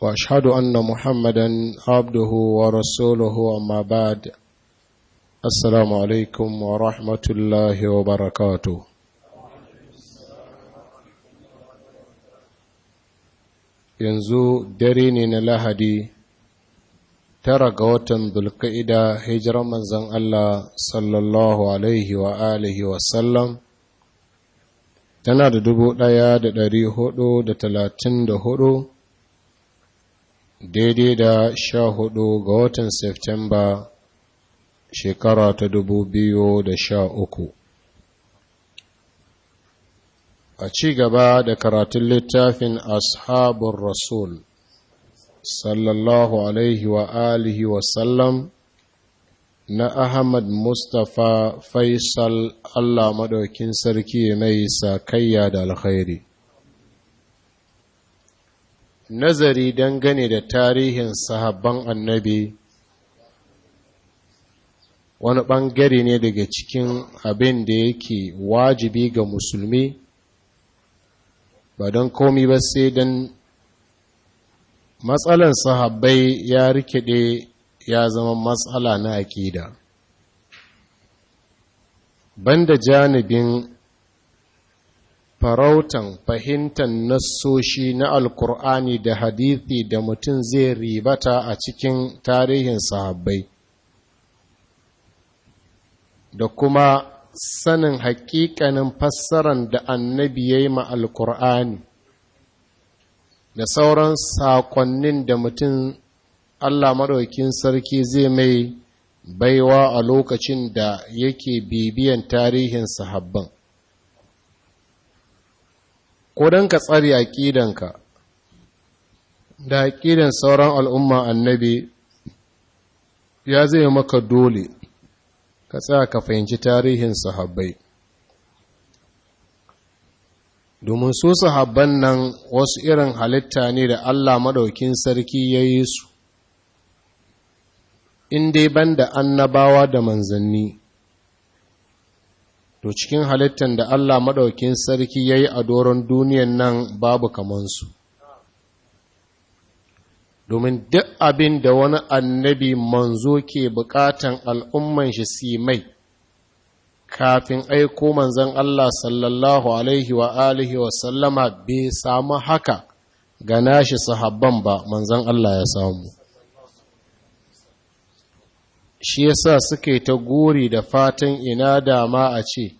wa shahadu an na muhammadan abduhu wa rasuluhu wa baad assalamu alaikum wa rahmatullahi wa barakatu yanzu dare ne na lahadi tara ga watan bulka'ida hijirar manzan Allah sallallahu alaihi wa wa sallam tana da dubu ɗaya da dari hudu da talatin da hudu daidai da sha hudu ga watan Septemba shekara ta dubu biyu da sha uku. A ci gaba da karatun littafin Ashabun Rasul, sallallahu Alaihi wa alihi sallam na Ahmad Mustapha Faisal Allah Maɗaukin Sarki mai sakayya da alkhairi. nazari dangane da tarihin sahabban annabi wani ɓangare ne daga cikin abin da yake wajibi ga musulmi ba don komi ba sai don matsalan sahabbai ya rikide ya zama matsala na aƙida banda janibin farautan fahimtar nassoshi na alkur'ani da hadithi da mutum zai ribata a cikin tarihin sahabbai da kuma sanin hakikanin fassaran da annabi ya yi ma alkur'ani da sauran saƙonnin da mutum allah maɗaukin sarki zai mai baiwa a lokacin da yake bibiyan tarihin sahabban ko don ka tsari aƙidanka da ƙidan sauran al'umma annabi ya zai maka dole ka tsaya ka fahimci tarihin sahabbai domin su sahabban nan wasu irin halitta ne da Allah maɗaukin sarki ya yi su in dai ban da annabawa da manzanni to cikin halittar da Allah maɗaukin sarki ya yi a doron duniyan nan babu kamansu domin duk abin da wani annabi manzo ke bukatan al'umman shi si mai kafin aiko manzan Allah sallallahu alaihi wa alihi wa sallama bai samu haka ga nashi sahabban ba manzan Allah ya samu shi yasa suke ta gori da fatan ina dama a ce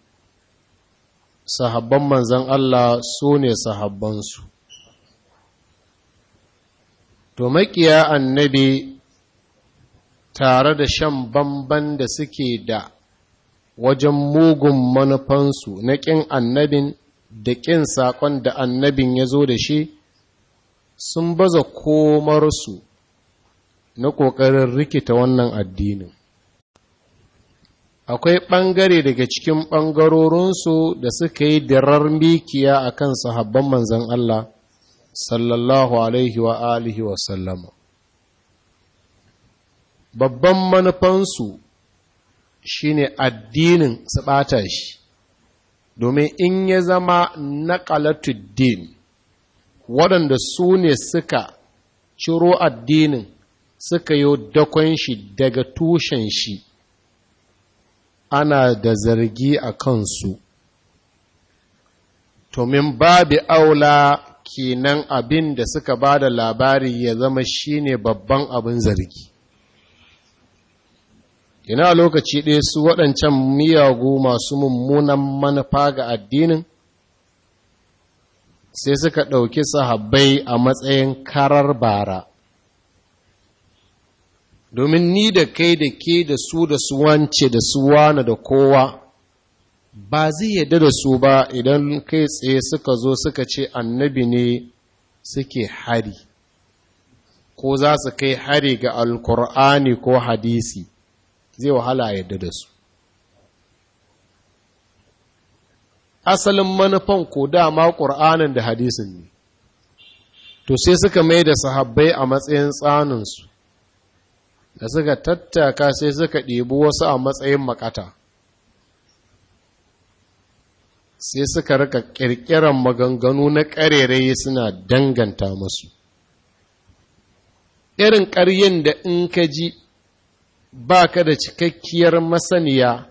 sahabban manzan Allah su ne sahabbansu to makiya annabi tare da shan bamban da suke da wajen mugun manufansu na ƙin annabin da ƙin saƙon da annabin ya zo da shi sun baza komarsu na ƙoƙarin rikita wannan addinin akwai ɓangare daga cikin ɓangarorinsu da suka yi dirar mikiya a kan sahabban manzan Allah sallallahu alaihi wa alihi wa sallama babban manufansu shine addinin su ɓata shi domin in ya zama naƙalatuddin waɗanda su ne suka ciro addinin suka yi dakon shi daga tushen shi ana da zargi a kansu tomin babu aula kenan abin da suka ba da labari ya zama shine babban abin zargi ina lokaci ɗaya su waɗancan miyagu masu mummunan manufa ga addinin sai suka ɗauki sahabbai a matsayin karar bara domin ni da kai da ke da su da su wance da su wane da kowa ba zai yadda da su ba idan kai tsaye suka zo suka ce annabi ne suke hari ko za su kai hari ga alkur'ani ko hadisi zai wahala yadda da su asalin manufan ko dama ƙur'anin da hadisin ne to sai suka mai da sahabbai a matsayin tsaninsu da suka tattaka sai suka ɗebi wasu a matsayin makata sai suka rika ƙirƙirar maganganu na ƙarerai suna danganta masu irin ƙaryen da in ka ji ba ka da cikakkiyar masaniya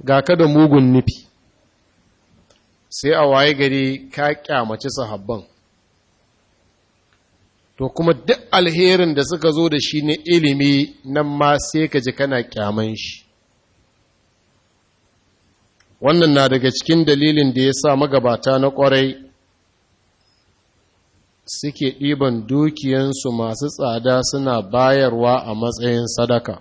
ga ka da mugun nufi sai a waye gari ka kyamaci sahabban to kuma duk alherin da suka zo da shi ne ilimi nan ma sai ka ji kana kyaman shi wannan na daga cikin dalilin da ya sa magabata na kwarai suke ɗiban dukiyansu masu tsada suna bayarwa a matsayin sadaka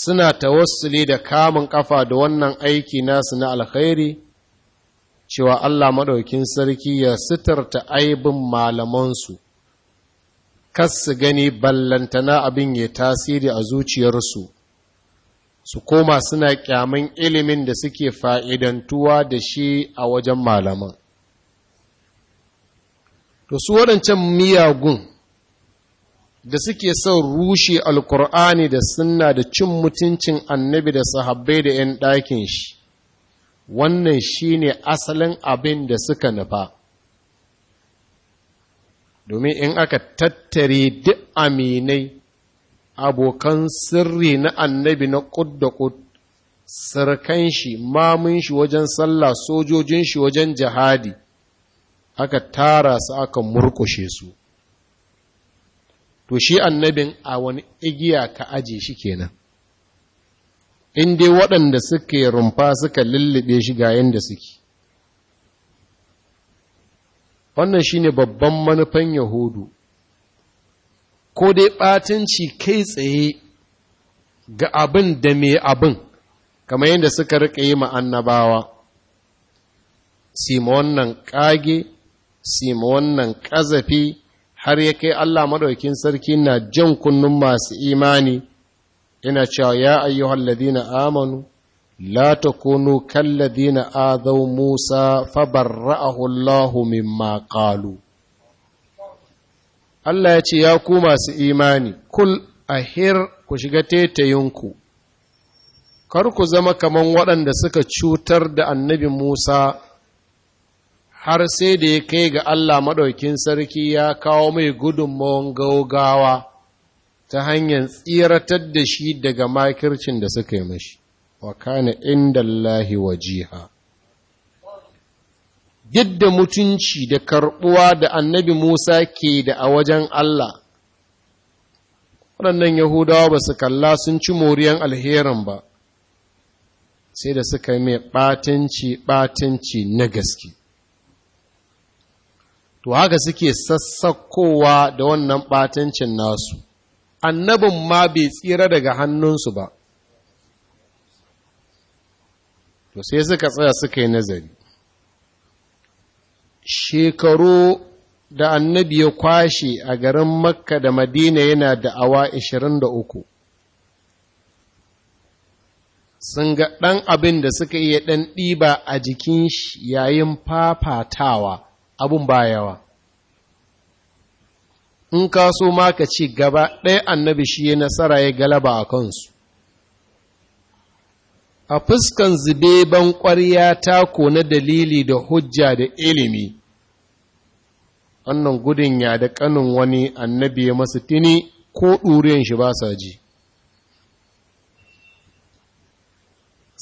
suna tawassuli da kamun ƙafa da wannan aiki nasu na alkhairi cewa Allah maɗaukin sarki ya sitarta aibin malamansu, kar su gani ballantana abin ya tasiri a zuciyarsu, su koma suna kyaman ilimin da suke fa'idantuwa da shi a wajen malaman. To, su waɗancan miyagun da suke son rushe alkur'ani da sunna da cin mutuncin annabi da sahabbai da ‘yan ɗakin shi. wannan shi ne asalin abin da suka nufa domin in aka tattare duk aminai abokan sirri na annabi na ƙudda ƙud sirkan shi mamun shi wajen sallah sojojin shi wajen jihadi aka tara su aka murkushe su to shi annabin a wani igiya ka aje shi kenan in dai waɗanda suke rumfa suka lullube shi ga yadda suke wannan shi ne babban manufan yahudu ko dai ɓatanci kai tsaye ga abin da mai abin kamar yadda suka riƙa yi annabawa sima wannan ƙage sima wannan ƙazafi har ya kai allah maɗaukin sarki na jan kunnun masu imani Ina cewa ya ayyuhal ladina amanu la takunu kal ladina adaw Musa fabarra'ahu Allahu mimma qalu Allah ya ce ya ku masu imani kul a ahir ku shiga tetayinku kar ku zama kaman waɗanda suka cutar da annabi Musa har sai da ya kai ga Allah maɗaukin sarki ya kawo mai gudunmawan gaugawa ta hanyar tsiratar da shi daga makircin da suka yi mashi wa kana inda Allahi wajiha duk da mutunci da karbuwa da annabi Musa ke da a wajen Allah waɗannan Yahudawa ba su kalla sun ci moriyan alherin ba sai da suka mai ɓatanci ɓatanci na gaske to haka suke sassakowa da wannan ɓatancin nasu annabin ma bai tsira daga hannunsu ba to sai suka tsaya suka yi nazari shekaru da annabi ya kwashe a garin makka da madina yana da awa 23 sun ga ɗan abin da suka iya ɗan ɗiba a jikin shi yayin fafatawa abin ba yawa in ka so ma ka ce gaba ɗaya annabi shi ya nasara ya galaba a kansu a fuskan zube ban ƙwarya tako na dalili da hujja da ilimi wannan gudun ya da ƙanin wani annabi ya masu tini ko ɗuriyan shi ba sa ji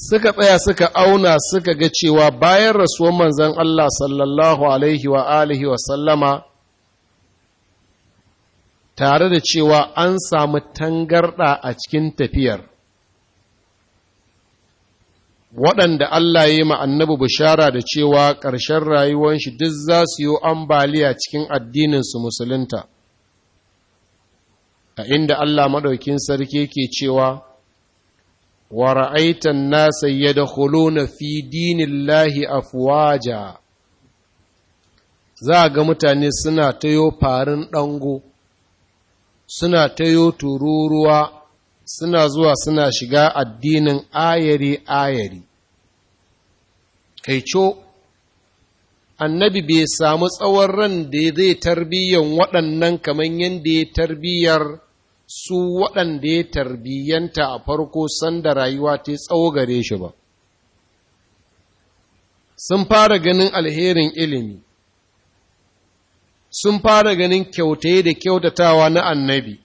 suka tsaya suka auna suka ga cewa bayan rasuwar manzan Allah sallallahu alaihi wa alihi wa sallama tare da cewa an samu tangarɗa a cikin tafiyar waɗanda Allah ya yi annabi bishara da cewa ƙarshen rayuwar shi duk za su yi ambaliya cikin addininsu musulunta a inda Allah maɗaukin sarki ke cewa wa ra'aitan nasa na fi dinillahi afuwaja za ga mutane suna tayo farin ɗango suna tayo tururuwa suna zuwa suna shiga addinin ayari-ayari. Kaico, annabi bai samu tsawon ran da zai tarbiyyar waɗannan kamar yadda ya tarbiyyar su waɗanda ya tarbiyyanta a farko sanda rayuwa ta tsawo gare shi ba. Sun fara ganin alherin ilimi. sun fara ganin kyautaye da kyautatawa na annabi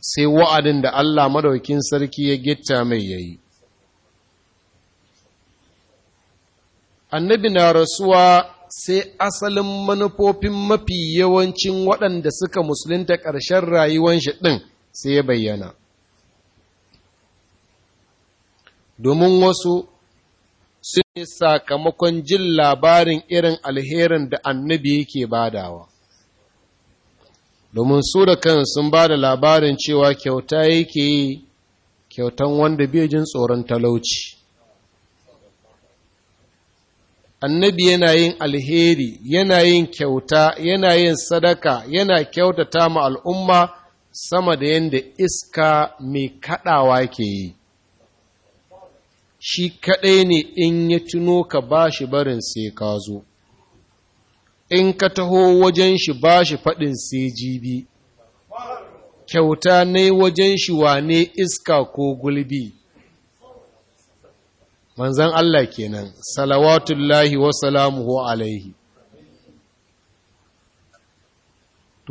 sai wa'adin da Allah madaukin sarki ya gita mai ya yi. annabi na rasuwa sai asalin manufofin mafi yawancin waɗanda suka musulunta ƙarshen rayuwan shi ɗin sai ya bayyana domin wasu ne sakamakon jin labarin irin alherin da annabi yake badawa domin su da kan sun ba da labarin cewa kyauta yake yi kyautan wanda bai jin tsoron talauci annabi yana yin alheri yana yin kyauta yana yin sadaka yana kyautata ma al'umma sama da yadda iska mai kaɗawa ke yi shi kaɗai ne in ya tuno ka ba shi barin sai ka zo in ka taho wajen shi ba shi faɗin sai jibi kyauta ne wajen shi wane iska ko gulbi manzan Allah kenan salawatullahi wa salamuhu alaihi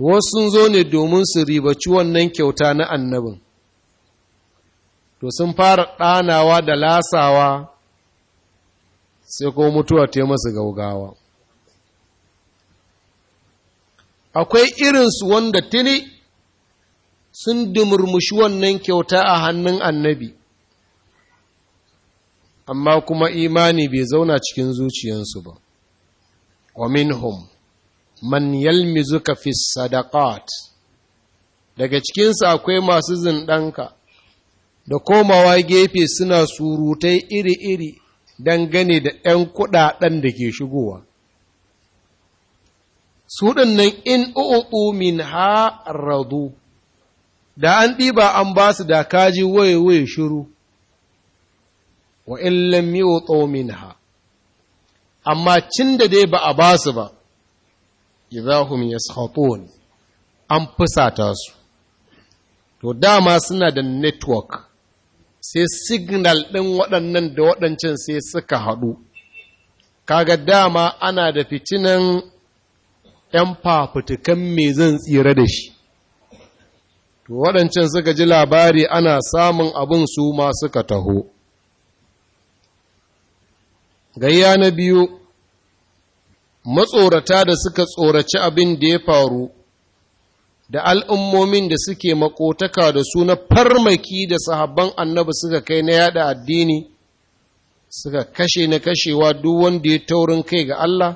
wasu sun zo ne domin su ribaci wannan kyauta na annabin to sun fara ɗanawa da lasawa sai ko mutuwa ta masu gaugawa akwai irinsu wanda tuni sun dumurmushi wannan kyauta a hannun annabi amma kuma imani bai zauna cikin zuciyansu ba wa minhum man yalmizuka fi sadaqat daga cikinsu akwai masu zindanka da komawa gefe suna surutai iri-iri dangane da ‘yan kuɗaɗen da ke shigowa. Su nan in u'u'u min ha radu, da an ɗiba an ba su da kaji waye-waye shiru, wa in lam yi min ha, amma cin da dai ba a ba su ba, izahum yashatun an fusata su, to dama suna da network. sai signal ɗin waɗannan da waɗancan sai suka haɗu kaga dama ana da fitinan ‘yan fafutukan mai zan tsira da shi to waɗancan suka ji labari ana samun abin su ma suka taho gayya na biyu matsorata da suka tsoraci abin da ya faru da al'ummomin da suke makotaka da su na farmaki da sahabban annabi suka kai na yada addini suka kashe na kashewa duk wanda ya taurin kai ga Allah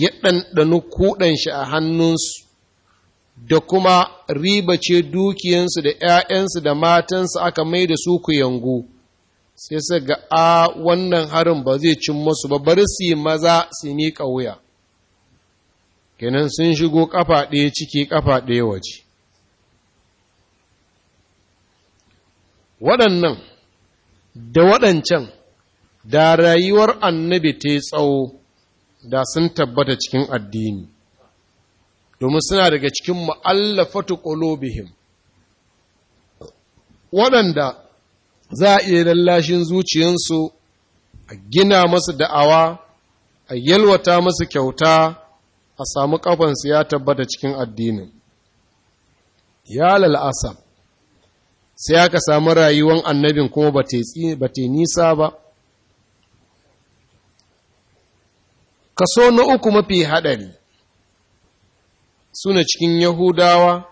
ya ɗanɗanu kuɗan a hannunsu da kuma riba ce dukiyansu da ‘ya'yansu da matansu aka mai da su ku yango sai su ga a wannan harin ba zai cin masu ba bari su yi maza su miƙa wuya kenan sun shigo ƙafa ɗaya ciki ƙafa ɗaya waje waɗannan da waɗancan da rayuwar annabi ta tsawo da sun tabbata cikin addini domin suna daga cikin ma'allafatu qulubihim waɗanda za a iya lallashin zuciyansu a gina masu da'awa a yalwata masu kyauta a samu kafansu ya tabbata cikin addinin ya lal'asab sai aka samu rayuwan annabin kuma ba ta nisa ba kaso na uku mafi haɗari suna cikin yahudawa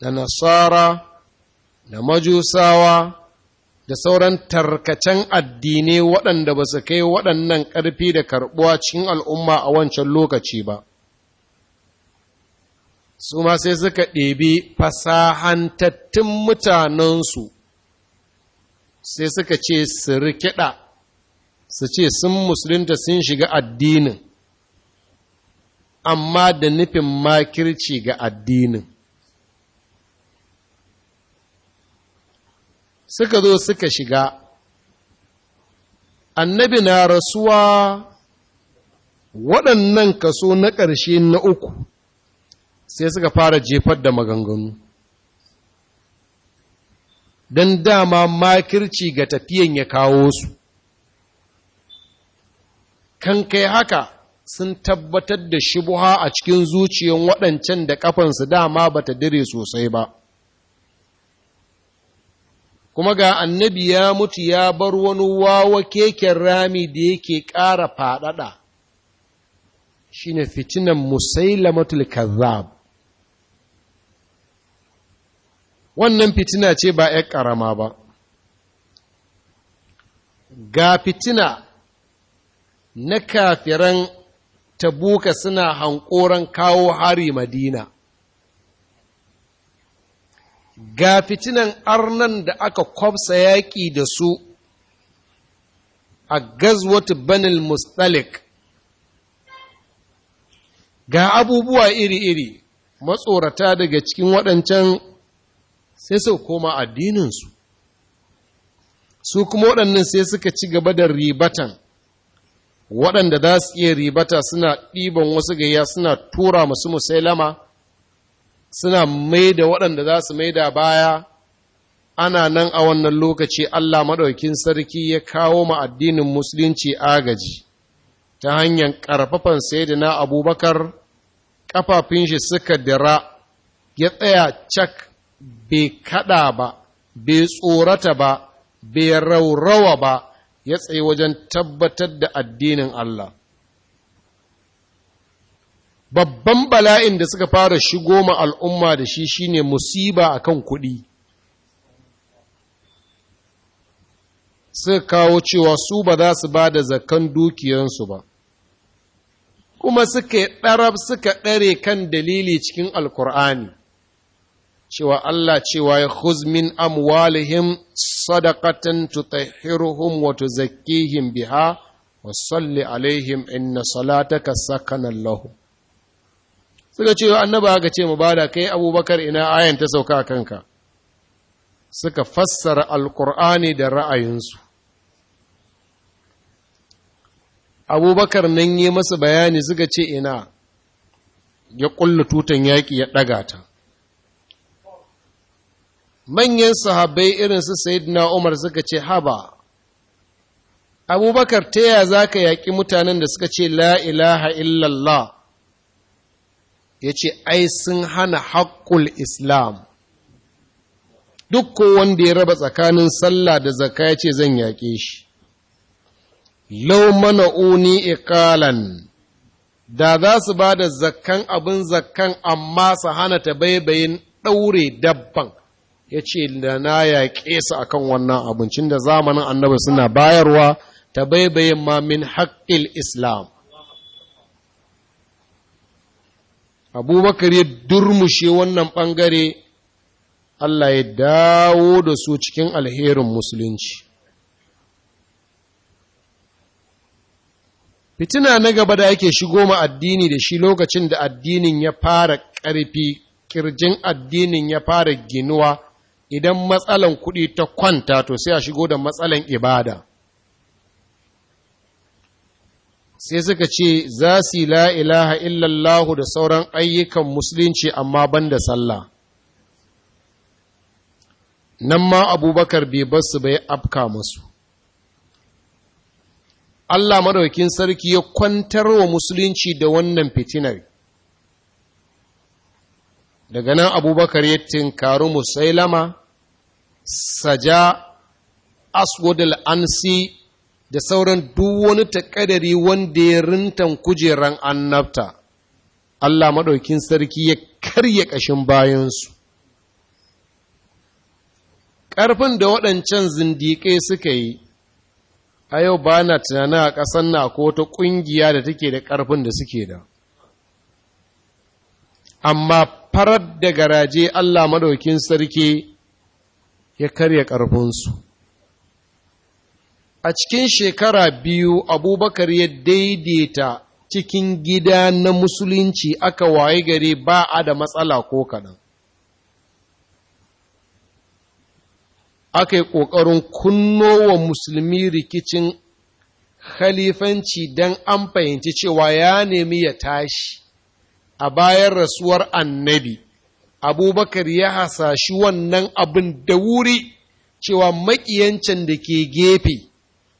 da nasara da majusawa da sauran tarkacen addinai waɗanda ba su kai waɗannan ƙarfi da karɓuwa cikin al'umma a wancan lokaci ba. Su ma sai suka ɗebi fasahantattun mutanensu sai suka ce su rikiɗa, su ce sun musulunta sun shiga addinin, amma da nufin makirci ga addinin. suka zo suka shiga annabi na rasuwa waɗannan kaso na ƙarshe na uku sai suka fara jefar da maganganu don dama makirci ga tafiyan ya kawo su kan kai haka sun tabbatar da shubuha a cikin zuciyan waɗancan da ƙafansu dama ba ta dire sosai ba kuma ga annabi ya mutu ya bar wani wawa keken rami da yake ƙara faɗaɗa shi ne fitinan musailamatul kazzab wannan fitina ce ba 'yar ƙarama ba ga fitina na kafiran tabuka suna hankoran kawo hari madina ga fitinan arnan da aka kwabsa yaƙi da su a gazwatu banil mustalik ga abubuwa iri-iri matsorata daga cikin waɗancan sai su koma addininsu su kuma waɗannan sai suka ci gaba da ribatan waɗanda za su iya ribata suna ɗiban wasu gayya suna tura masu musailama suna mai da waɗanda za su mai da baya ana nan a wannan lokaci Allah maɗaukin sarki ya kawo ma addinin musulunci agaji ta hanyar ƙarfafan na abubakar ƙafafin shi suka dira ya tsaya cak bai kaɗa ba bai tsorata ba bai raurawa ba ya tsaye wajen tabbatar da addinin Allah babban bala'in da suka fara shigo ma al'umma da shi shi ne musiba a kan kuɗi suka kawo cewa su ba za su ba da zakan dukiyansu ba kuma suka ɗarab suka ɗare kan dalili cikin alkur'ani cewa Allah cewa ya huzmin amwalihim sadakatan tutahhiruhum wa tuzakkihim biha wa salli alaihim inna salataka sakanan lahum suka ce wa annaba aka ce mu bada kai abubakar ina ayan ta sauka kanka suka fassara alkur'ani da ra'ayinsu abubakar nan yi masa bayani suka ce ina ya ƙulla tutan yaƙi ya ɗaga ta manyan sahabai irin su sayidina umar suka ce haba abubakar ta yaya za ka yaƙi mutanen da suka ce la ilaha illallah ya ce ai sun hana haƙƙul islam duk wanda ya raba tsakanin sallah da zaka ya ce zan yaƙe shi lau uni iƙalan da za su ba da zakkan abin zakkan amma su hana ta baibayin ɗaure dabban ya ce da na yaƙe su akan wannan abincin da zamanin annabi suna bayarwa ta baibayin ma min haƙƙil islam abubakar ya durmushe wannan ɓangare Allah ya dawo da su cikin alherin musulunci fitina na gaba da ake shigo ma addini da shi lokacin da addinin ya fara ƙarfi kirjin addinin ya fara ginuwa idan matsalan kuɗi ta kwanta to sai a shigo da matsalan ibada sai suka ce za su la ilaha illallahu da sauran ayyukan musulunci amma ban da sallah nan ma abubakar bai su bai afka masu Allah madaukin sarki ya kwantar wa musulunci da wannan fitinar daga nan abubakar ya tinkaru musailama saja aswadul ansi da sauran duk wani takadari wanda ya rintan kujeran annabta Allah maɗaukin sarki ya karya ƙashin bayansu ƙarfin da waɗancan zindiƙai suka yi a yau ba na tunanin a ƙasan na ko ta ƙungiya da take da ƙarfin da suke da amma farar da garaje Allah maɗaukin sarki ya karya ƙarfinsu a cikin shekara biyu abubakar ya daidaita cikin gida na musulunci aka waye gare ba a da matsala ko kaɗan aka yi ƙoƙarin kunno wa musulmi rikicin khalifanci don an fahimci cewa ya nemi ya tashi a bayan rasuwar annabi abubakar ya hasashi wannan abin da wuri cewa maƙiyancin da ke gefe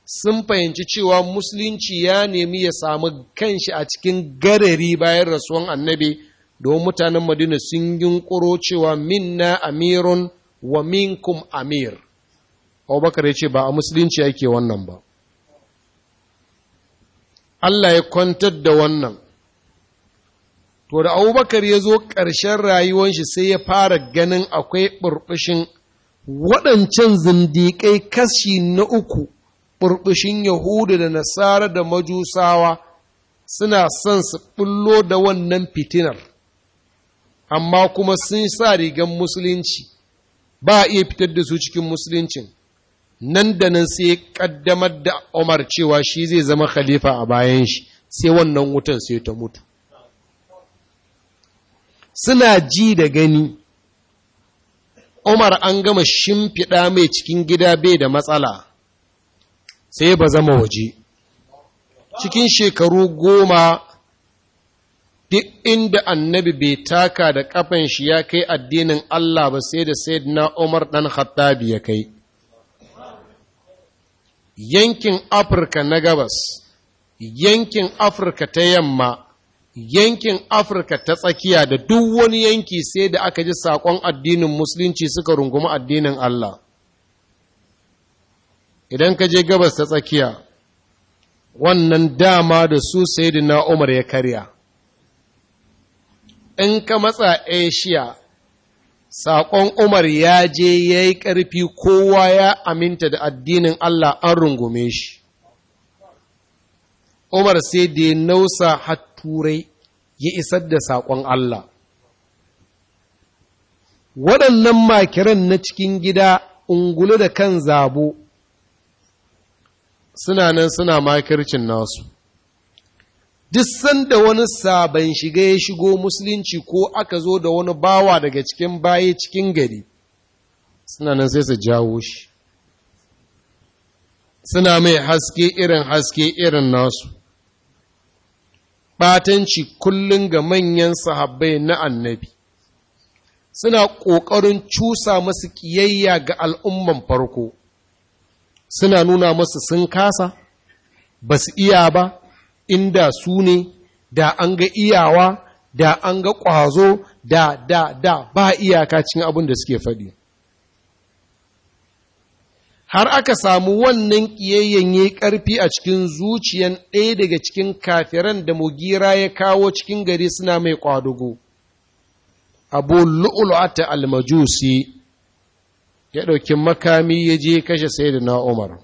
sun fahimci cewa musulunci ya nemi ya samu kanshi a cikin gadari bayan rasuwan annabi don mutanen madina sun yunƙuro cewa minna amirun wa minkum amir abubakar ya ce ba a musulunci yake wannan ba Allah ya kwantar da wannan to da abubakar ya zo ƙarshen rayuwan shi sai ya fara ganin akwai ɓurɓushin waɗancan zindiƙai kashi na uku burbushin yahudu da nasara da majusawa suna son su bullo da wannan fitinar amma kuma sun sa rigan musulunci ba a iya fitar da su cikin musuluncin nan da nan sai kaddamar da Umar cewa shi zai zama khalifa a bayan shi sai wannan wutan sai ta mutu suna ji da gani Umar an gama shimfiɗa mai cikin gida bai da matsala sai ba zama waje cikin shekaru goma duk inda annabi bai taka da kafan shi ya kai addinin Allah ba sai da na Umar ɗan Khattabi ya kai yankin Afirka na gabas yankin Afirka ta yamma yankin Afirka ta tsakiya da duk wani yanki sai da aka ji saƙon addinin musulunci suka rungumi addinin Allah idan ka je gabas ta tsakiya wannan dama da su na umar ya karya in ka matsa asia saƙon umar ya je ya yi ƙarfi kowa ya aminta da addinin allah an rungume shi umar sai da ya nausa hatturai ya isar da saƙon allah waɗannan makiran na cikin gida ungulu da kan zabo suna nan suna makircin nasu duk sanda wani sabon shiga ya shigo musulunci ko aka zo da wani bawa daga cikin baye cikin gari suna nan sai su jawo shi suna mai haske irin haske irin nasu batanci kullum ga manyan sahabbai na annabi suna ƙoƙarin cusa masu ƙiyayya ga al'umman farko suna nuna masu sun kasa ba su iya ba inda su ne da an ga iyawa da an ga ƙwazo da da da ba iyaka cin abin da suke faɗi har aka samu wannan ƙiyayyen ya ƙarfi a cikin zuciyan ɗaya daga cikin kafiran da mugira ya kawo cikin gari suna mai ƙwadugo abu lu'ulu'ata almajusi ya ɗauki makami ya je kashe sai da na umar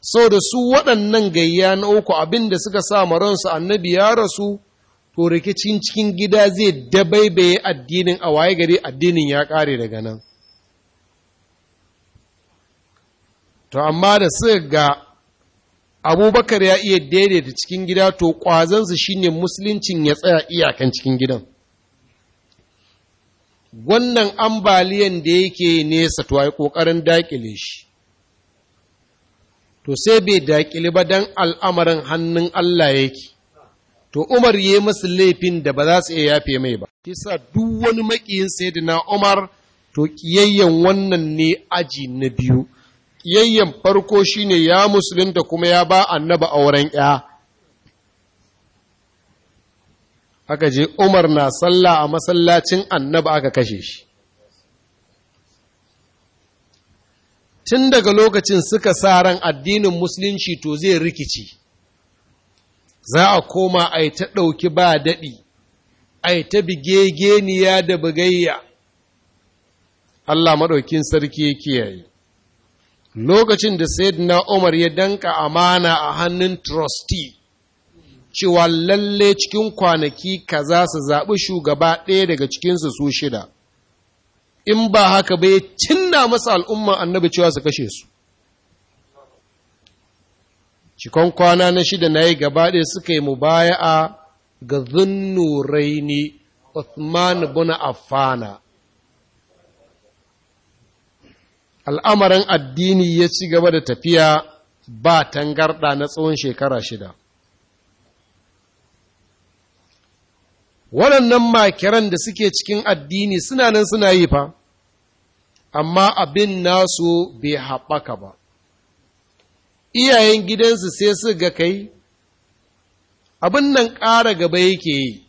sau da su waɗannan gayya na uku abinda suka sa maransu annabi ya rasu to rikicin cikin gida zai dabaibaye addinin a waye gari addinin ya ƙare daga nan to amma da suka ga abubakar ya iya daidaita cikin gida to ƙwazansu shine musuluncin ya tsaya iyakan cikin gidan wannan ambaliyan da yake nesa to ai ƙoƙarin daƙile shi to sai bai dakile ba dan al'amarin hannun Allah yake to Umar ya masu laifin da ba za su iya yafe mai ba kisa duk wani makiyin sayyidina Umar to ƙiyayyen wannan ne aji na biyu ƙiyayyen farko shine ya musulunta kuma ya ba annaba auren 'ya aka je umar na sallah a masallacin annaba aka kashe shi tun daga lokacin suka sa ran addinin musulunci to zai rikici za a koma a ta ɗauki ba daɗi a ta bigegeniya da bugayya Allah maɗaukin sarki ya kiyaye lokacin da na Umar ya danka amana a hannun trustee cewa lalle cikin kwanaki kaza su zaɓi shugaba ɗaya daga cikinsu su shida in ba haka ba ya cinna masa al'umma annabi cewa su kashe su cikon kwana na shida na yi gaba ɗaya suka yi mubaya'a ga zunnuraini Uthman bin Affana al'amarin addini ya ci gaba da tafiya ba tangarɗa na tsawon shekara shida waɗannan makiran da suke cikin addini suna nan suna yi fa amma abin nasu bai haɓaka ba iyayen gidansu sai su ga kai abin nan ƙara gaba yake yi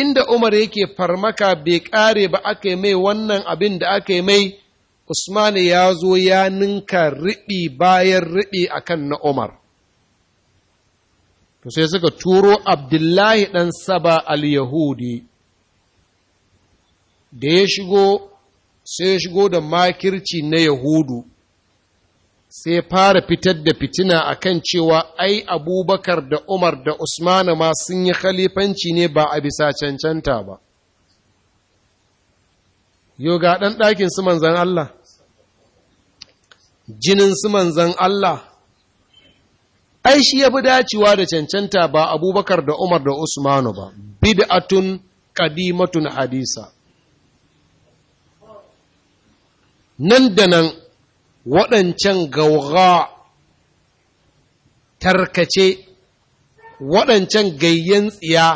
inda umar yake farmaka bai ƙare ba aka yi mai wannan abin da aka yi mai Usmanu ya zo ya ninka riɓi bayan riɓi akan na umar to sai suka turo abdullahi ɗan saba al-yahudi da ya shigo sai ya shigo da makirci na yahudu sai fara fitar da fitina a kan cewa ai abubakar da umar da usmanu ma sun yi khalifanci ne ba a bisa cancanta ba yau ga ɗan ɗakin su manzan Allah jinin su manzan Allah ai shi ya fi dacewa da cancanta ba abubakar da umar da usmanu ba bid'atun qadimatun hadisa nan da nan waɗancan gauga tarkace waɗancan gayyen tsiya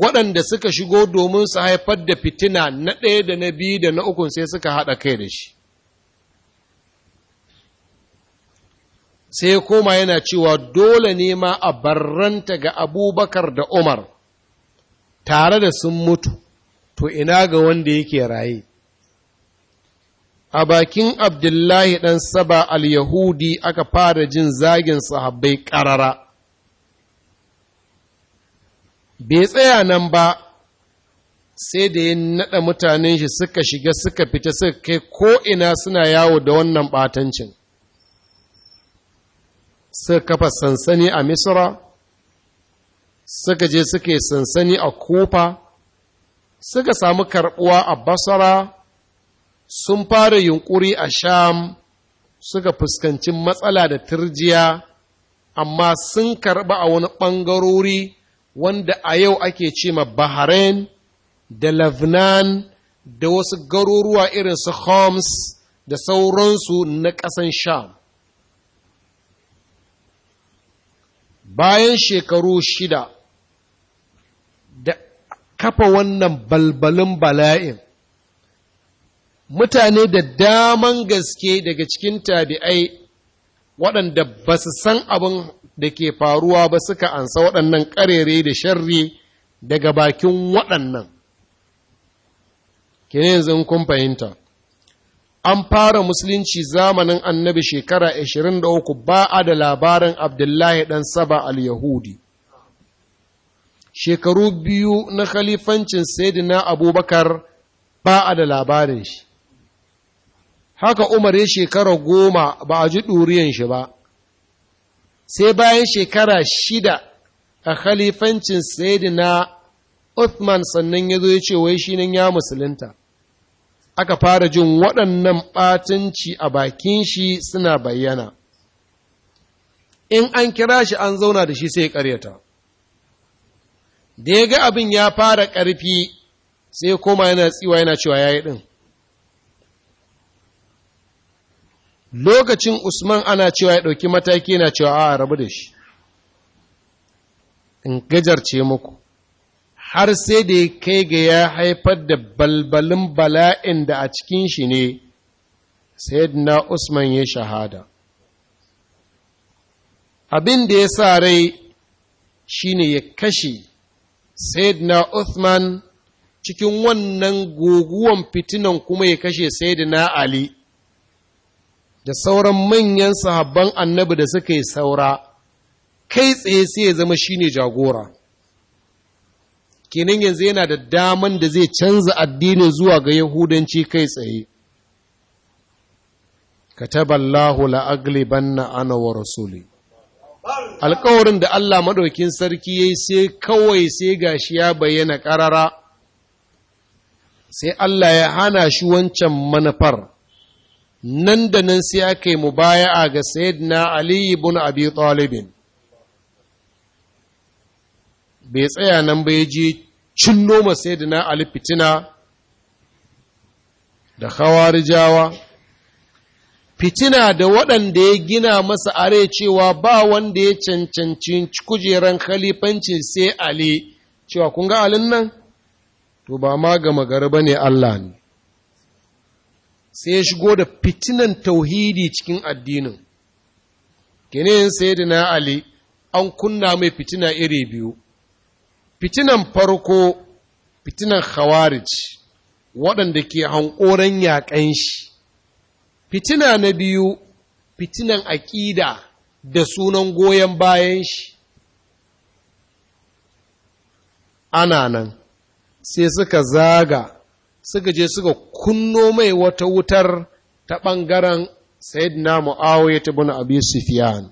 waɗanda suka shigo domin su haifar da fitina na ɗaya da na biyu da na ukun sai suka haɗa kai da shi sai koma yana cewa dole ne ma a barranta ga abubakar da umar tare da sun mutu to ina ga wanda yake raye a bakin abdullahi ɗan saba al-yahudi aka fara jin zagin sahabbai ƙarara bai tsaya nan ba sai da ya naɗa mutanen shi suka shiga suka fita suka kai ko'ina suna yawo da wannan ɓatancin suka kafa sansani a misra suka je suka sansani a kofa suka samu karbuwa a basara sun fara yunkuri a sham suka fuskanci matsala da turjiya amma sun karɓa a wani ɓangarori wanda a yau ake ce ma bahrain da Lebanon da wasu garuruwa irin su Homs da sauransu na ƙasan Sham. bayan shekaru shida da kafa wannan balbalin bala'in mutane da daman gaske daga cikin tabi'ai waɗanda ba su san abin da ke faruwa ba suka ansa waɗannan ƙarere da sharri daga bakin waɗannan. Kene yanzu kun fahimta, an fara musulunci zamanin annabi shekara 23 ba a da labarin abdullahi ɗan saba al-yahudi shekaru biyu na khalifancin sayyidina abubakar ba a da labarin shi haka umar ya shekara goma ba a ji ɗuriyan shi ba sai bayan shekara shida a khalifancin sayyidina uthman sannan ya zo ya ce wai shi nan ya musulunta aka fara jin waɗannan ɓatanci a bakin shi suna bayyana in an kira shi an zauna da shi sai ƙaryata da ya ga abin ya fara ƙarfi sai koma yana tsiwa yana cewa ya yi ɗin lokacin usman ana cewa ya ɗauki mataki yana cewa a rabu da shi in gajarce muku har sai da ya kai ga ya haifar da balbalin bala'in da a cikin shi ne sai na Usman ya shahada abin da ya sa rai shine ya kashe sayyidina Uthman cikin wannan goguwan fitinan kuma ya kashe sayyidina Ali da sauran manyan sahabban annabi da suka yi saura kai tsaye sai ya zama shine jagora kenan yanzu yana da daman da zai canza addinin zuwa ga yahudanci kai tsaye kataballahu la'aglibanna ana wa rasuli alkawarin da Allah maɗaukin sarki ya yi sai kawai sai gashi ya bayyana ƙarara sai Allah ya hana shi wancan manufar nan da nan sai aka yi mubaya'a ga sayyidina Ali ibn Abi Talibin bai tsaya nan bai je cin noma sai da na alifitina da jawa fitina da waɗanda ya gina masa are cewa ba wanda ya cancanci kujeran khalifanci sai ali cewa kun ga alin nan to ba ma gama gari ba ne allah ne sai ya shigo da fitinan tauhidi cikin addinin kene sai da na ali an kunna mai fitina iri biyu fitinan farko fitinan khawarij waɗanda ke hankoran yaƙan shi fitina na biyu fitinan aƙida da sunan goyon bayan shi ana nan sai suka zaga suka je suka kunno mai wata wutar ta ɓangaren sayyidina mu'awiyah ibn abi sufyan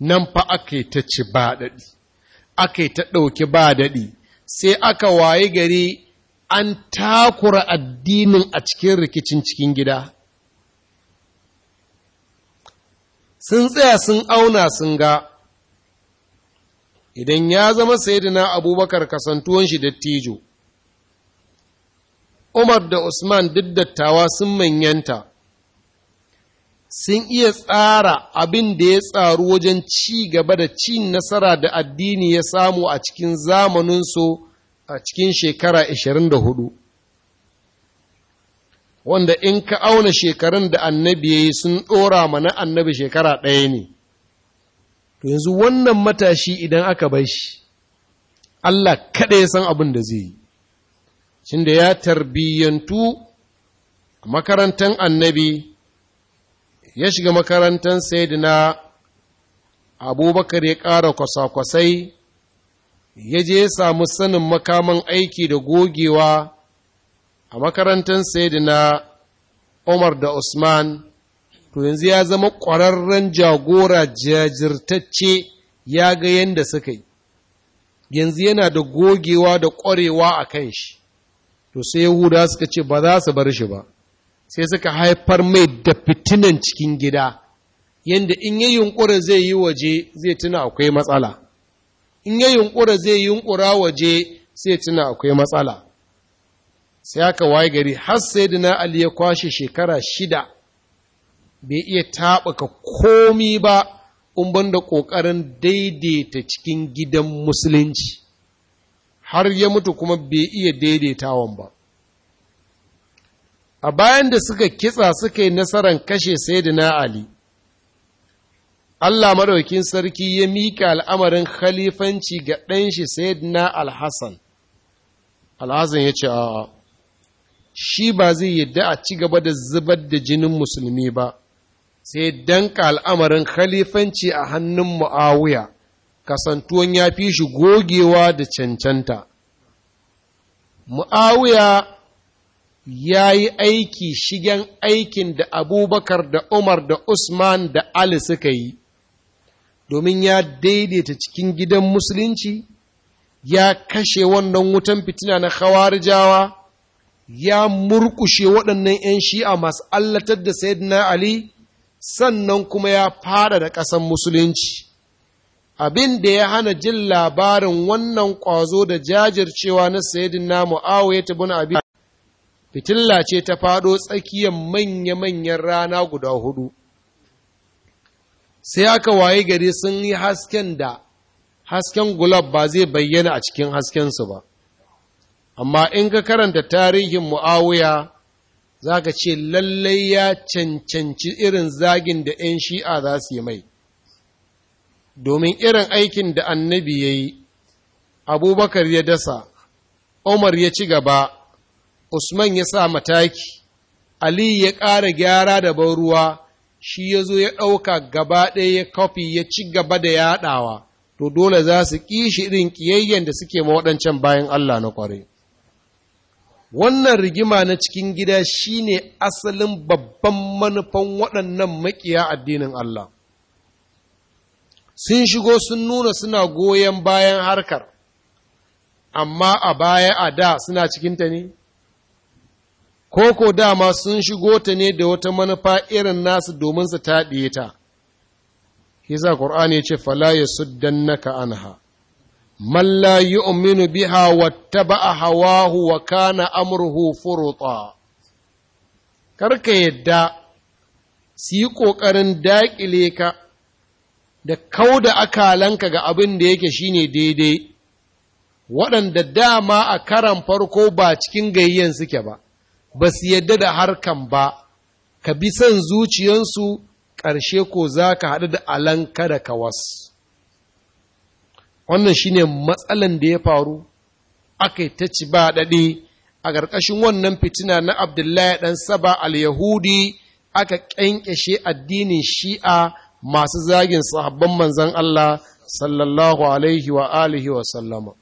nan fa ake ta ci baɗaɗi aka yi ta ɗauki ba daɗi sai aka wayi gari an takura addinin a cikin rikicin cikin gida sun tsaya sun auna sun ga idan ya zama sayidina abubakar kasantuwan shi dattijo umar da usman duk dattawa sun manyanta sun iya tsara abin da ya tsaru wajen ci gaba da cin nasara da addini ya samu a cikin zamaninsu a cikin shekara 24 wanda in ka auna shekarun da annabi ya yi sun ɗora mana annabi shekara ɗaya ne to yanzu wannan matashi idan aka bai shi Allah kaɗai ya san abin da zai yi shi da ya tarbiyyantu a makarantar annabi ya shiga makarantar saidina abubakar ya ƙara kwasa-kwasai ya je ya samu sanin makaman aiki da gogewa a makarantar saidina umar da usman to yanzu ya zama ƙwararren jagora jajirtacce ya ga yadda suka yi yanzu yana da gogewa da ƙwarewa a kan shi to sai yahuda suka ce ba za su bar shi ba sai suka haifar mai da fitinan cikin gida yadda in yi yunƙura zai yi waje zai tuna akwai matsala in yi yunƙura zai yi yunƙura waje sai tuna akwai matsala sai aka waye gari har sai dina ali ya kwashe shekara shida bai iya taɓuka komi ba in da ƙoƙarin daidaita cikin gidan musulunci har ya mutu kuma bai iya daidaitawan ba a bayan da suka kitsa suka yi nasarar kashe saidina ali Allah maraukin sarki ya mika al'amarin khalifanci ga ɗanshi sayyidina al-hassan al-hassan ya ce a'a shi ba zai yadda a ci gaba da zubar da jinin musulmi ba sai danka al'amarin khalifanci a hannun mu'awuya kasantuwan ya fi shi gogewa da cancanta mu'awuya ya yi aiki shigen aikin da abubakar da umar da usman da ali suka yi domin ya daidaita cikin gidan musulunci ya kashe wannan wutan fitina na jawa ya murkushe waɗannan 'yan shi'a masu allatar da sayyidina ali sannan kuma ya fada da ƙasan musulunci abin da ya hana jin labarin wannan ƙwazo da jajircewa na sayyidina mu'awiyah ibn abi fitilla ce ta faɗo tsakiyar manya-manyan rana guda hudu sai aka waye gari sun yi hasken da hasken gulab ba zai bayyana a cikin haskensu ba amma in ka karanta tarihin mu'awuya za ka ce lallai ya cancanci irin zagin da 'yan shi'a za su yi mai domin irin aikin da annabi ya yi abubakar ya dasa umar ya ci gaba Usman ya sa mataki, Ali ya ƙara gyara da ban ruwa, shi ya zo ya ɗauka gaba ɗaya ya kafi ya ci gaba da yaɗawa, to dole za su ƙi shi irin ƙiyayyen da suke ma waɗancan bayan Allah na ƙwarai. Wannan rigima na cikin gida shi ne asalin babban manufan waɗannan maƙiya addinin Allah. Sun shigo sun nuna suna goyon bayan harkar, amma a baya a da suna cikinta ne? Koko dama sun shigo ta ne da wata manufa irin nasu domin su taɗe ta. Kisa Ƙur'an ya ce, Fala ya suddannaka anha, Malla yi umminu biha hawa hawahu wa kana amurhu furuta. Karka yadda su yi ƙoƙarin daƙile ka da kauda akalanka ga abin da yake shine daidai, waɗanda dama a karan farko ba cikin gayyan suke ba, ba su yadda da harkan ba ka bi son zuciyansu ƙarshe ko za ka haɗu da alanka da kawas wannan shi ne matsalan da ya faru aka yi ta ci ba daɗe a ƙarƙashin wannan fitina na abdullahi ɗan saba al-yahudi aka ƙyanƙyashe addinin shi'a masu zagin sahabban manzan Allah sallallahu alaihi wa alihi wa sallama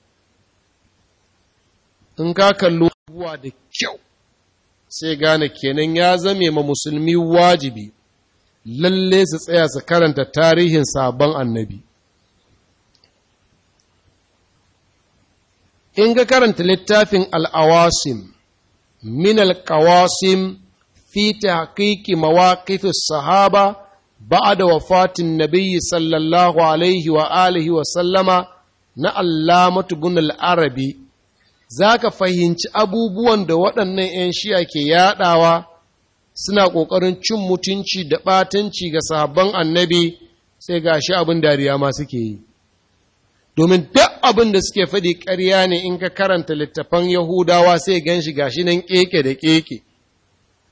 in ka kallo abubuwa da kyau sai gane kenan ya zame ma musulmi wajibi lalle su tsaya su karanta tarihin sabon annabi in ga karanta littafin al'awasim min alƙawasim fi haƙiƙi mawaƙifin sahaba da wafatin Nabiyyu sallallahu alaihi wa alihi wa sallama na allamatu bin arabi za ka fahimci abubuwan da waɗannan 'yan shi'a ke yaɗawa suna ƙoƙarin cin mutunci da ɓatanci ga sabon annabi sai ga shi abin dariya ma suke yi domin duk abin da suke faɗi ƙarya ne in ka karanta littafan yahudawa sai gan shi ga shi nan ƙeƙe da ƙeƙe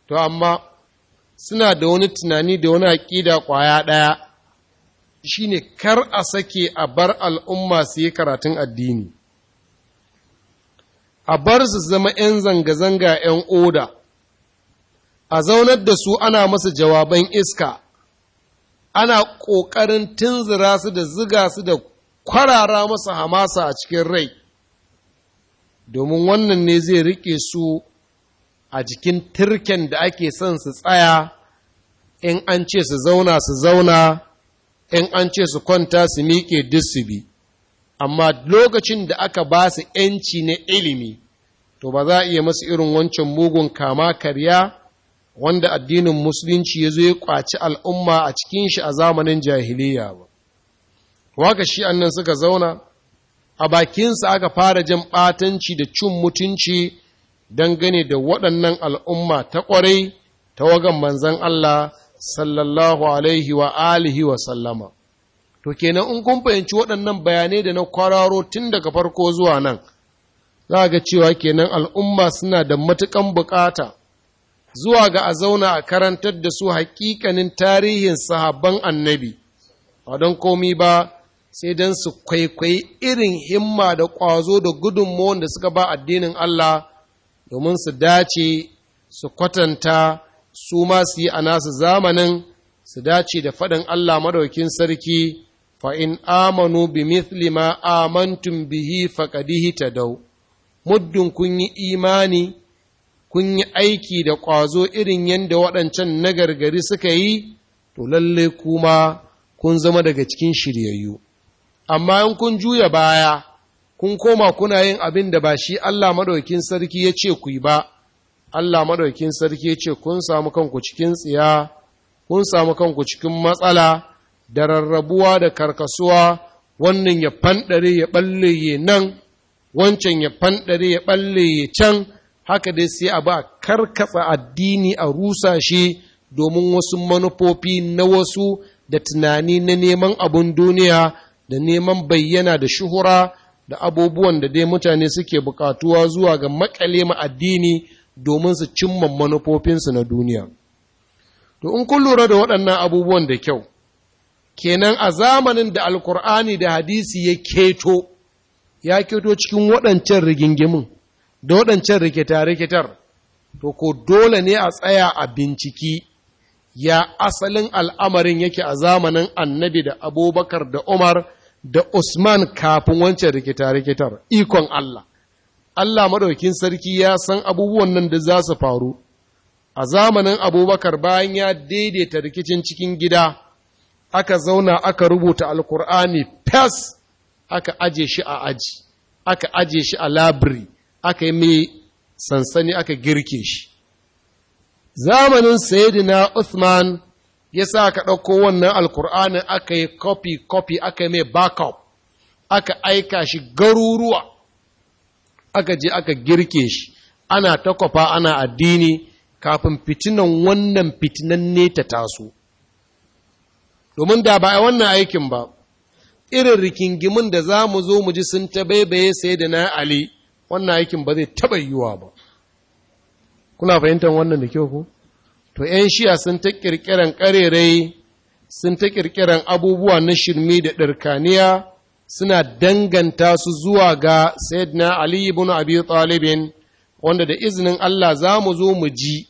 to amma suna da wani tunani da wani aƙida ƙwaya ɗaya shi ne kar a sake a bar al'umma su yi karatun addini a bar su zama 'yan zanga-zanga 'yan oda a zaunar da su ana masa jawaban iska ana ƙoƙarin tunzura su da ziga su da kwarara masa hamasa a cikin rai domin wannan ne zai riƙe su a jikin turken da ake son su tsaya in an ce su zauna su zauna in an ce su kwanta su miƙe duk su bi amma lokacin da aka ba su ‘yanci na ilimi, to ba za a iya masu irin wancan mugun kama karya wanda addinin musulunci ya zo ya ƙwaci al'umma a cikin shi a zamanin jahiliya ba. Waka shi annan suka zauna, a bakinsa aka fara jan ɓatanci da cin mutunci dangane da waɗannan al'umma ta ƙwarai ta wagan manzan Allah sallallahu alaihi wa alihi wa sallama. To kenan in kun fahimci waɗannan bayanai da na kwararo tun daga farko zuwa nan, za ga cewa kenan al'umma suna da matuƙan buƙata zuwa ga a zauna a karantar da su haƙiƙanin tarihin sahabban annabi, ba don komi ba sai don su kwaikwayi irin himma da ƙwazo da gudunmawar da suka ba addinin Allah domin su dace su kwatanta su ma yi a nasu zamanin su dace da faɗin Allah madaukin sarki. fa in amanu bi mithli ma amantum bihi faqadihi tadaw muddin kun yi imani kun yi aiki da ƙwazo irin yadda waɗancan na nagargari suka yi to lalle kuma kun zama daga cikin shiryayyu amma in kun juya baya kun koma kuna yin abin da ba shi Allah maɗaukin sarki ya ce ku yi ba Allah maɗaukin sarki ya ce kun samu kanku cikin tsiya kun samu kanku cikin matsala da rarrabuwa da karkasuwa wannan ya fanɗare ya ɓalle nan wancan ya fanɗare ya ɓalle can haka dai sai a ba karkatsa addini a rusa shi domin wasu manufofi na wasu da tunani na neman abun duniya da neman bayyana da shuhura da abubuwan da dai mutane suke buƙatuwa zuwa ga makale ma addini domin su cimma manufofinsu na duniya. To, in kun lura da waɗannan abubuwan da kyau, kenan a zamanin da alkur'ani da hadisi ya keto ya keto cikin waɗancan rigingimin da waɗancan rikita-rikitar to ko dole ne a tsaya a binciki ya asalin al'amarin yake a zamanin annabi da abubakar da umar da usman kafin wancan rikita-rikitar ikon allah allah maɗaukin sarki ya san abubuwan nan da za su faru a zamanin abubakar bayan ya daidaita rikicin cikin gida aka zauna aka rubuta alkur'ani fes aka aje shi a aji aka aje shi a labiri aka yi mai sansani aka girke shi zamanin sayidina Uthman ya sa aka ɗauko wannan Alkur'ani, aka yi copy copy aka yi mai backup aka aika shi garuruwa aka je aka girke shi ana takwafa ana addini kafin fitinan wannan fitinan ne ta taso domin da ba a wannan aikin ba irin rikingimin da za mu zo mu ji sun ta baibaye sai da na ali wannan aikin ba zai taɓa yiwuwa ba kuna fahimtar wannan da kyau ku to 'yan shiya sun ta ƙirƙiran ƙarerai sun ta ƙirƙiran abubuwa na shirmi da ɗarkaniya suna danganta su zuwa ga sayyidina ali ibn abi talibin wanda da izinin Allah za mu zo mu ji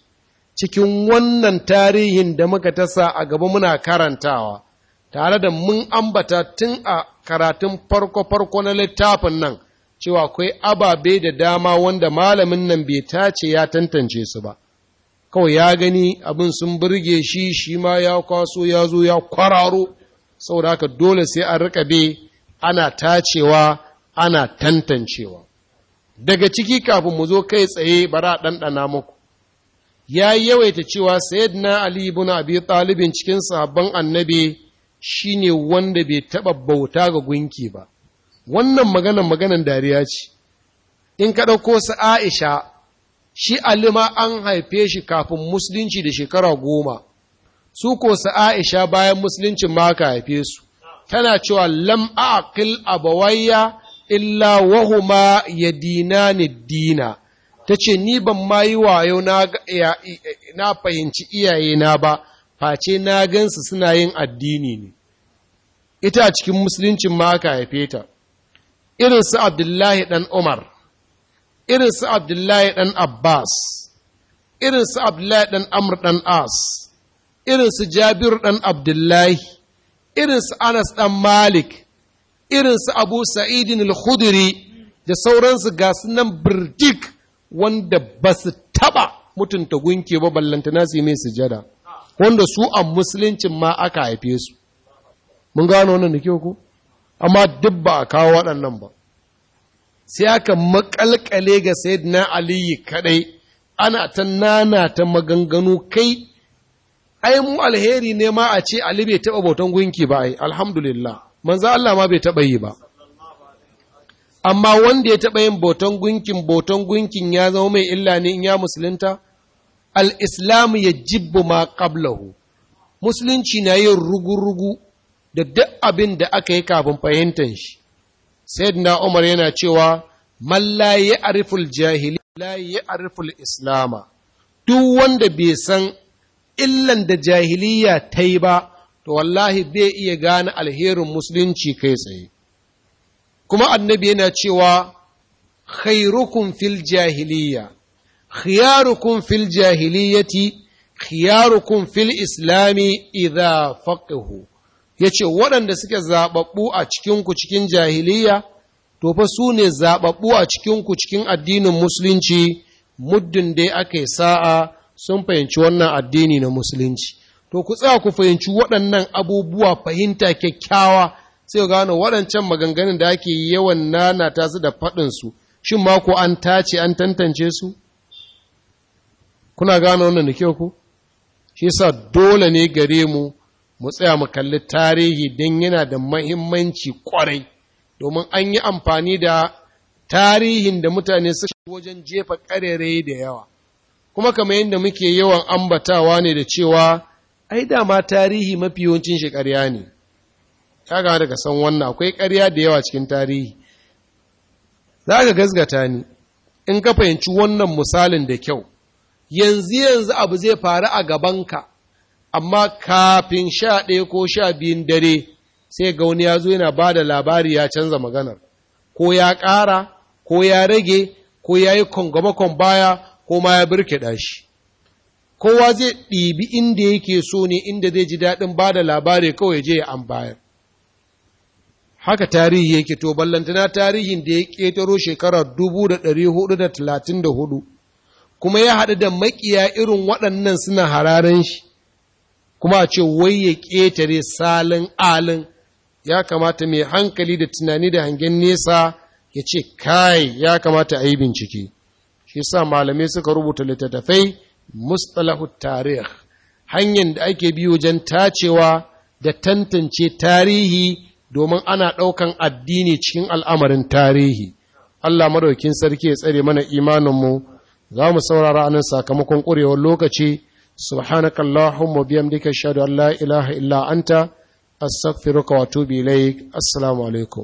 cikin wannan tarihin da muka tasa a gaba muna karantawa, tare da mun ambata tun a karatun farko-farko na littafin nan, cewa akwai ababe da dama wanda malamin nan bai tace ya tantance su ba. Kawai ya gani abin sun burge shi, shi ma ya kwaso ya zo ya kwararo, saboda haka dole sai an riƙa be ana tacewa, ana tantancewa. Daga ciki kafin mu zo kai tsaye bara ɗanɗana muku. ya yawaita cewa sayyidina ali ibn abi talibin cikin sabon annabi shine wanda bai taba bauta ga gunki ba wannan maganan maganan dariya ce in ka ɗauko su aisha shi Ali ma an haife shi kafin musulunci da shekara goma su ko su aisha bayan musulunci ma ka haife su tana cewa lam aqil abawayya illa wahuma ni dina ta ce ni ban ma yi wayo na fahimci iyaye na ba face na gansu suna yin addini ne ita cikin musuluncin ma haife ta irin su abdullahi dan umar irin su abdullahi dan abbas irin su abdullahi dan amr dan as irin su jabiru ɗan abdullahi irin su anas ɗan malik irin su abu sa'idin al-khudri da sauransu ga birtik wanda ba su taɓa mutunta gunki ba ballantana su yi mai sujada wanda su a musuluncin ma aka haife su mun gano wannan da kyau ku amma duk ba a kawo waɗannan ba sai aka makalkale ga na aliyu kaɗai ana ta nana ta maganganu kai ai mu alheri ne ma a ce ali bai taɓa bautan gunki ba ai alhamdulillah manzo Allah ma bai taɓa yi ba amma wanda ya taɓa yin boton gunkin boton gunkin ya zama mai illa ne in ya musulunta al'islamu ya jibbu ma ƙablahu musulunci na yin rugurugu da duk abin da aka yi kafin fahimtar shi sayyidina umar yana cewa man la ya'riful jahili la ya'riful islama duk wanda bai san illan da jahiliya ta yi ba to wallahi bai iya gane alherin musulunci kai tsaye kuma annabi yana cewa khairukum fil jahiliya khiyarukum fil jahiliyati khiyarukum fil islami idha faqahu yace waɗanda suke zababbu a cikin ku cikin jahiliya to fa su ne zababbu a cikin ku cikin addinin musulunci muddin dai aka sa'a sun fahimci wannan addini na musulunci to ku tsaya ku fahimci waɗannan abubuwa fahimta kyakkyawa sai gano waɗancan maganganun da ake yawan nana ta su da faɗinsu shin ma ko an tace an tantance su kuna gano wannan da kyau ku shi sa dole ne gare mu mu tsaya mu kalli tarihi don yana da mahimmanci kwarai domin an yi amfani da tarihin da mutane suka wajen jefa ƙarere da yawa kuma kamar yadda muke yawan ambatawa ne da cewa ai dama tarihi mafi yawancin shi ƙarya ne kaga daga san wannan akwai ƙarya da yawa cikin tarihi za ka gasgata ni in ka fahimci wannan misalin da kyau yanzu yanzu abu zai faru a gabanka amma kafin sha ɗaya ko sha biyun dare sai ga wani ya zo yana ba da labari ya canza maganar ko ya ƙara ko ya rage ko ya yi kwangwamakon baya ko ma ya birkiɗa shi kowa zai ɗibi inda yake so ne inda zai ji daɗin ba da labari kawai je ya an bayar haka tarihi yake to ballantana tarihin da ya ƙetaro shekara 434 kuma ya haɗu da maƙiya irin waɗannan suna hararen shi kuma a ce wai ya ƙetare salin alin ya kamata mai hankali da tunani da hangen nesa ya ce kai ya kamata a yi bincike shi sa malamai suka rubuta littattafai mustalahu tarih hanyar da ake bi wajen tacewa da tantance tarihi domin ana ɗaukan addini cikin al'amarin tarihi Allah madaukin sarki ya tsare mana imaninmu za mu saurara anan sakamakon ƙurewar lokaci subhanakallahumma bihamdika dika shaɗu Allah ilaha illa anta astaghfiruka wa alaikum